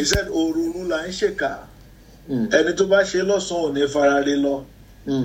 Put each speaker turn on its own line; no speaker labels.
he said òrùnú là ń ṣèkà hmm. ẹni tó bá ṣe lọ́sàn-án ò ní farare lọ
hmm.